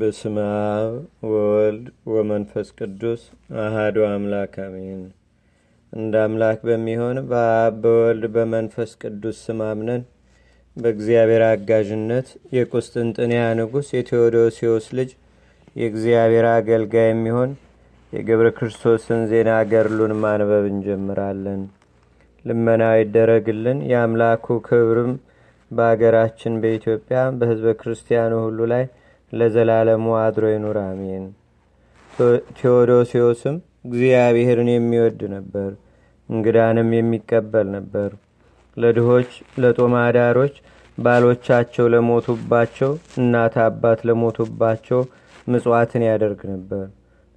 በስመ አብ ወወልድ ወመንፈስ ቅዱስ አህዶ አምላክ አሜን። እንደ አምላክ በሚሆን በአብ በወልድ በመንፈስ ቅዱስ ስም አምነን በእግዚአብሔር አጋዥነት የቁስጥንጥንያ ንጉሥ የቴዎዶሲዎስ ልጅ የእግዚአብሔር አገልጋይ የሚሆን የገብረ ክርስቶስን ዜና ገድሉን ማንበብ እንጀምራለን። ልመናው ይደረግልን የአምላኩ ክብርም በአገራችን በኢትዮጵያ በሕዝበ ክርስቲያኑ ሁሉ ላይ ለዘላለሙ አድሮ ይኑር አሜን። ቴዎዶሲዎስም እግዚአብሔርን የሚወድ ነበር፣ እንግዳንም የሚቀበል ነበር። ለድሆች፣ ለጦማ ባሎቻቸው ለሞቱባቸው፣ እናት አባት ለሞቱባቸው ምጽዋትን ያደርግ ነበር።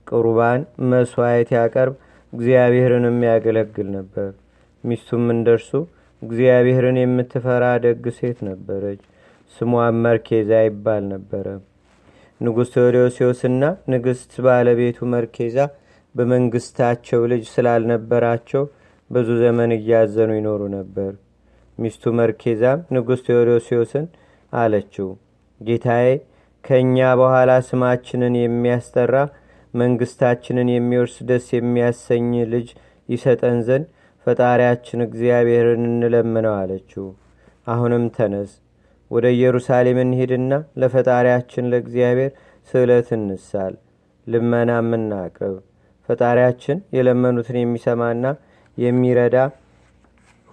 ቁርባን መስዋየት ያቀርብ እግዚአብሔርንም ያገለግል ነበር። ሚስቱም እንደርሱ እግዚአብሔርን የምትፈራ ደግ ሴት ነበረች። ስሟ መርኬዛ ይባል ነበረም ንጉሥ ቴዎዶሲዎስና ንግሥት ባለቤቱ መርኬዛ በመንግስታቸው ልጅ ስላልነበራቸው ብዙ ዘመን እያዘኑ ይኖሩ ነበር ሚስቱ መርኬዛም ንጉሥ ቴዎዶሲዎስን አለችው ጌታዬ ከእኛ በኋላ ስማችንን የሚያስጠራ መንግስታችንን የሚወርስ ደስ የሚያሰኝ ልጅ ይሰጠን ዘንድ ፈጣሪያችን እግዚአብሔርን እንለምነው አለችው አሁንም ተነስ ወደ ኢየሩሳሌም እንሂድና ለፈጣሪያችን ለእግዚአብሔር ስዕለት እንሳል፣ ልመና ምናቅርብ ፈጣሪያችን የለመኑትን የሚሰማና የሚረዳ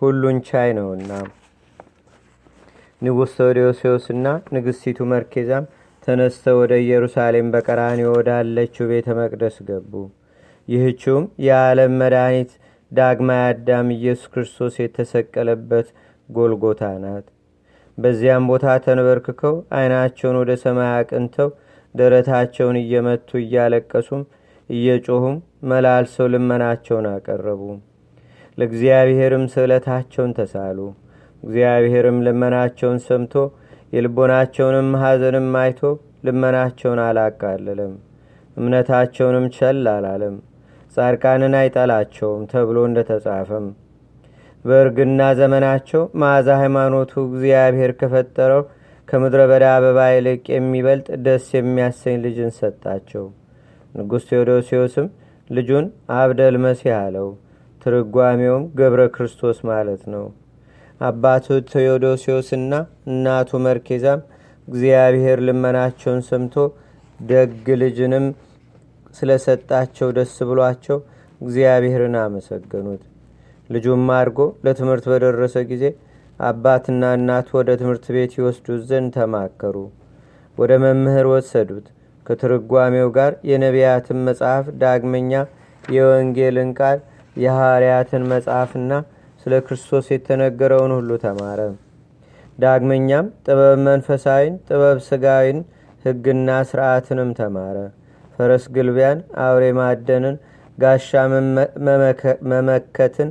ሁሉን ቻይ ነውና። ንጉሥ ተወዲዮሴዎስና ንግሥቲቱ መርኬዛም ተነስተው ወደ ኢየሩሳሌም በቀራኒ ወዳለችው ቤተ መቅደስ ገቡ። ይህችውም የዓለም መድኃኒት ዳግማ አዳም ኢየሱስ ክርስቶስ የተሰቀለበት ጎልጎታ ናት። በዚያም ቦታ ተንበርክከው አይናቸውን ወደ ሰማይ አቅንተው ደረታቸውን እየመቱ እያለቀሱም እየጮሁም መላልሰው ልመናቸውን አቀረቡ ለእግዚአብሔርም ስዕለታቸውን ተሳሉ እግዚአብሔርም ልመናቸውን ሰምቶ የልቦናቸውንም ሐዘንም አይቶ ልመናቸውን አላቃለለም እምነታቸውንም ቸል አላለም ጻድቃንን አይጠላቸውም ተብሎ እንደተጻፈም በእርግና ዘመናቸው መዓዛ ሃይማኖቱ እግዚአብሔር ከፈጠረው ከምድረ በዳ አበባ ይልቅ የሚበልጥ ደስ የሚያሰኝ ልጅን ሰጣቸው ንጉሥ ቴዎዶሲዎስም ልጁን አብደል መሲህ አለው ትርጓሜውም ገብረ ክርስቶስ ማለት ነው አባቱ ቴዎዶሲዎስና እናቱ መርኬዛም እግዚአብሔር ልመናቸውን ሰምቶ ደግ ልጅንም ስለሰጣቸው ደስ ብሏቸው እግዚአብሔርን አመሰገኑት ልጁም አድርጎ ለትምህርት በደረሰ ጊዜ አባትና እናት ወደ ትምህርት ቤት ይወስዱት ዘንድ ተማከሩ። ወደ መምህር ወሰዱት። ከትርጓሜው ጋር የነቢያትን መጽሐፍ ዳግመኛ የወንጌልን ቃል የሐርያትን መጽሐፍና ስለ ክርስቶስ የተነገረውን ሁሉ ተማረ። ዳግመኛም ጥበብ መንፈሳዊን፣ ጥበብ ስጋዊን፣ ሕግና ስርዓትንም ተማረ። ፈረስ ግልቢያን፣ አውሬ ማደንን፣ ጋሻ መመከትን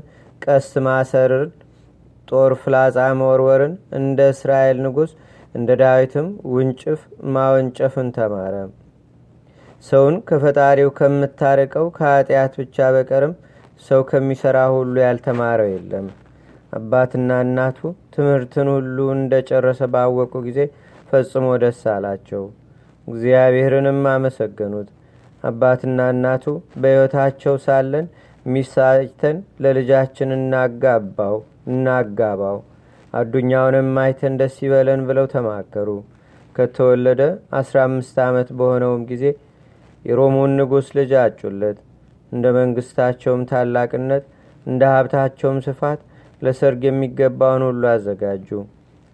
ቀስ ማሰርን፣ ጦር ፍላጻ መወርወርን እንደ እስራኤል ንጉሥ እንደ ዳዊትም ውንጭፍ ማወንጨፍን ተማረ። ሰውን ከፈጣሪው ከምታርቀው ከኃጢአት ብቻ በቀርም ሰው ከሚሠራ ሁሉ ያልተማረው የለም። አባትና እናቱ ትምህርትን ሁሉ እንደ ጨረሰ ባወቁ ጊዜ ፈጽሞ ደስ አላቸው፣ እግዚአብሔርንም አመሰገኑት። አባትና እናቱ በሕይወታቸው ሳለን ሚሳይተን ለልጃችን እናጋባው እናጋባው አዱኛውንም አይተን ደስ ይበለን ብለው ተማከሩ ከተወለደ አስራ አምስት ዓመት በሆነውም ጊዜ የሮሙን ንጉሥ ልጅ አጩለት እንደ መንግሥታቸውም ታላቅነት እንደ ሀብታቸውም ስፋት ለሰርግ የሚገባውን ሁሉ አዘጋጁ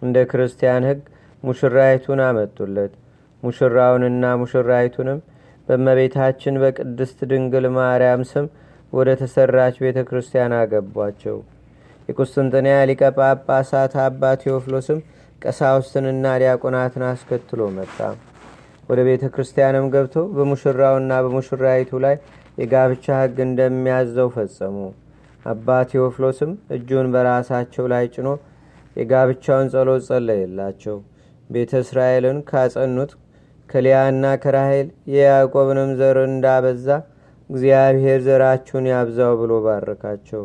እንደ ክርስቲያን ህግ ሙሽራይቱን አመጡለት ሙሽራውንና ሙሽራይቱንም በመቤታችን በቅድስት ድንግል ማርያም ስም ወደ ተሰራች ቤተ ክርስቲያን አገቧቸው። የቁስጥንጥንያ ሊቀ ጳጳሳት አባ ቴዎፍሎስም ቀሳውስትንና ዲያቆናትን አስከትሎ መጣ። ወደ ቤተ ክርስቲያንም ገብተው በሙሽራውና በሙሽራይቱ ላይ የጋብቻ ህግ እንደሚያዘው ፈጸሙ። አባ ቴዎፍሎስም እጁን በራሳቸው ላይ ጭኖ የጋብቻውን ጸሎት ጸለየላቸው። ቤተ እስራኤልን ካጸኑት ከሊያና ከራሄል የያዕቆብንም ዘር እንዳበዛ እግዚአብሔር ዘራችሁን ያብዛው ብሎ ባረካቸው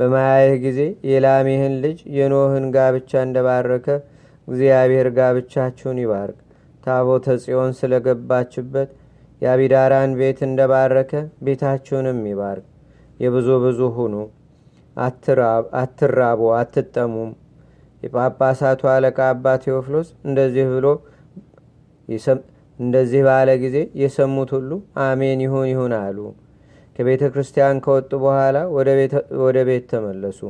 በማያይህ ጊዜ የላሜህን ልጅ የኖህን ጋብቻ እንደባረከ እግዚአብሔር ጋብቻችሁን ይባርክ ታቦተ ጽዮን ስለገባችበት የአቢዳራን ቤት እንደባረከ ቤታችሁንም ይባርክ የብዙ ብዙ ሁኑ አትራቡ አትጠሙም የጳጳሳቱ አለቃ አባ ቴዎፍሎስ እንደዚህ ብሎ እንደዚህ ባለ ጊዜ የሰሙት ሁሉ አሜን ይሁን ይሁን አሉ። ከቤተ ክርስቲያን ከወጡ በኋላ ወደ ቤት ተመለሱ።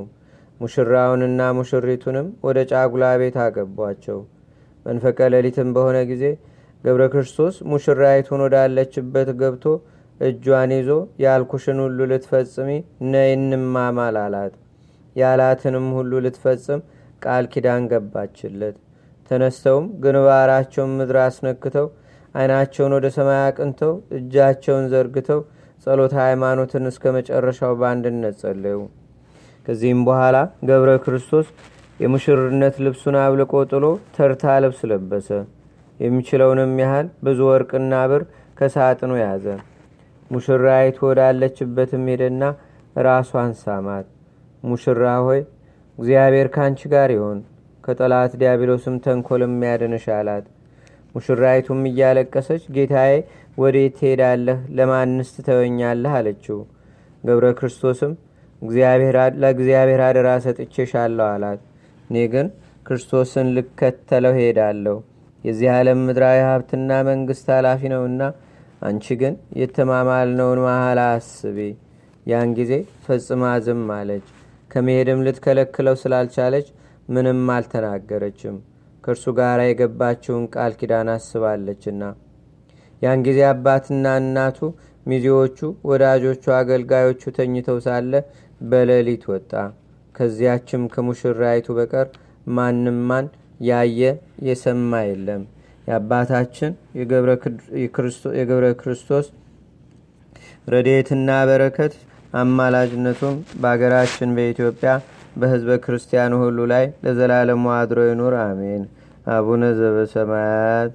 ሙሽራውንና ሙሽሪቱንም ወደ ጫጉላ ቤት አገቧቸው። መንፈቀ ሌሊትም በሆነ ጊዜ ገብረ ክርስቶስ ሙሽራይቱን ወዳለችበት ገብቶ እጇን ይዞ ያልኩሽን ሁሉ ልትፈጽሚ ነይንማማል አላት። ያላትንም ሁሉ ልትፈጽም ቃል ኪዳን ገባችለት። ተነስተውም ግንባራቸውን ምድር አስነክተው አይናቸውን ወደ ሰማይ አቅንተው እጃቸውን ዘርግተው ጸሎተ ሃይማኖትን እስከ መጨረሻው በአንድነት ጸለዩ ከዚህም በኋላ ገብረ ክርስቶስ የሙሽርነት ልብሱን አብልቆ ጥሎ ተርታ ልብስ ለበሰ የሚችለውንም ያህል ብዙ ወርቅና ብር ከሳጥኑ ያዘ ሙሽራይት ወዳለችበትም ሄደና ራሷን ሳማት ሙሽራ ሆይ እግዚአብሔር ካንቺ ጋር ይሆን ከጠላት ዲያብሎስም ተንኮል የሚያድንሽ አላት ሙሽራይቱም እያለቀሰች ጌታዬ ወዴት ትሄዳለህ ለማንስ ትተወኛለህ አለችው ገብረ ክርስቶስም ለእግዚአብሔር አደራ ሰጥቼሻለሁ አላት እኔ ግን ክርስቶስን ልከተለው ሄዳለሁ የዚህ ዓለም ምድራዊ ሀብትና መንግሥት ኃላፊ ነውና አንቺ ግን የተማማልነውን መሃል አስቤ ያን ጊዜ ፈጽማ ዝም አለች ከመሄድም ልትከለክለው ስላልቻለች ምንም አልተናገረችም ከእርሱ ጋር የገባችውን ቃል ኪዳን አስባለችና ያን ጊዜ አባትና እናቱ ሚዜዎቹ፣ ወዳጆቹ፣ አገልጋዮቹ ተኝተው ሳለ በሌሊት ወጣ። ከዚያችም ከሙሽራይቱ በቀር ማንም ማን ያየ የሰማ የለም። የአባታችን የገብረ ክርስቶስ ረዴትና በረከት አማላጅነቱም በአገራችን በኢትዮጵያ በህዝበ ክርስቲያኑ ሁሉ ላይ ለዘላለሙ አድሮ ይኑር፣ አሜን። አቡነ ዘበሰማያት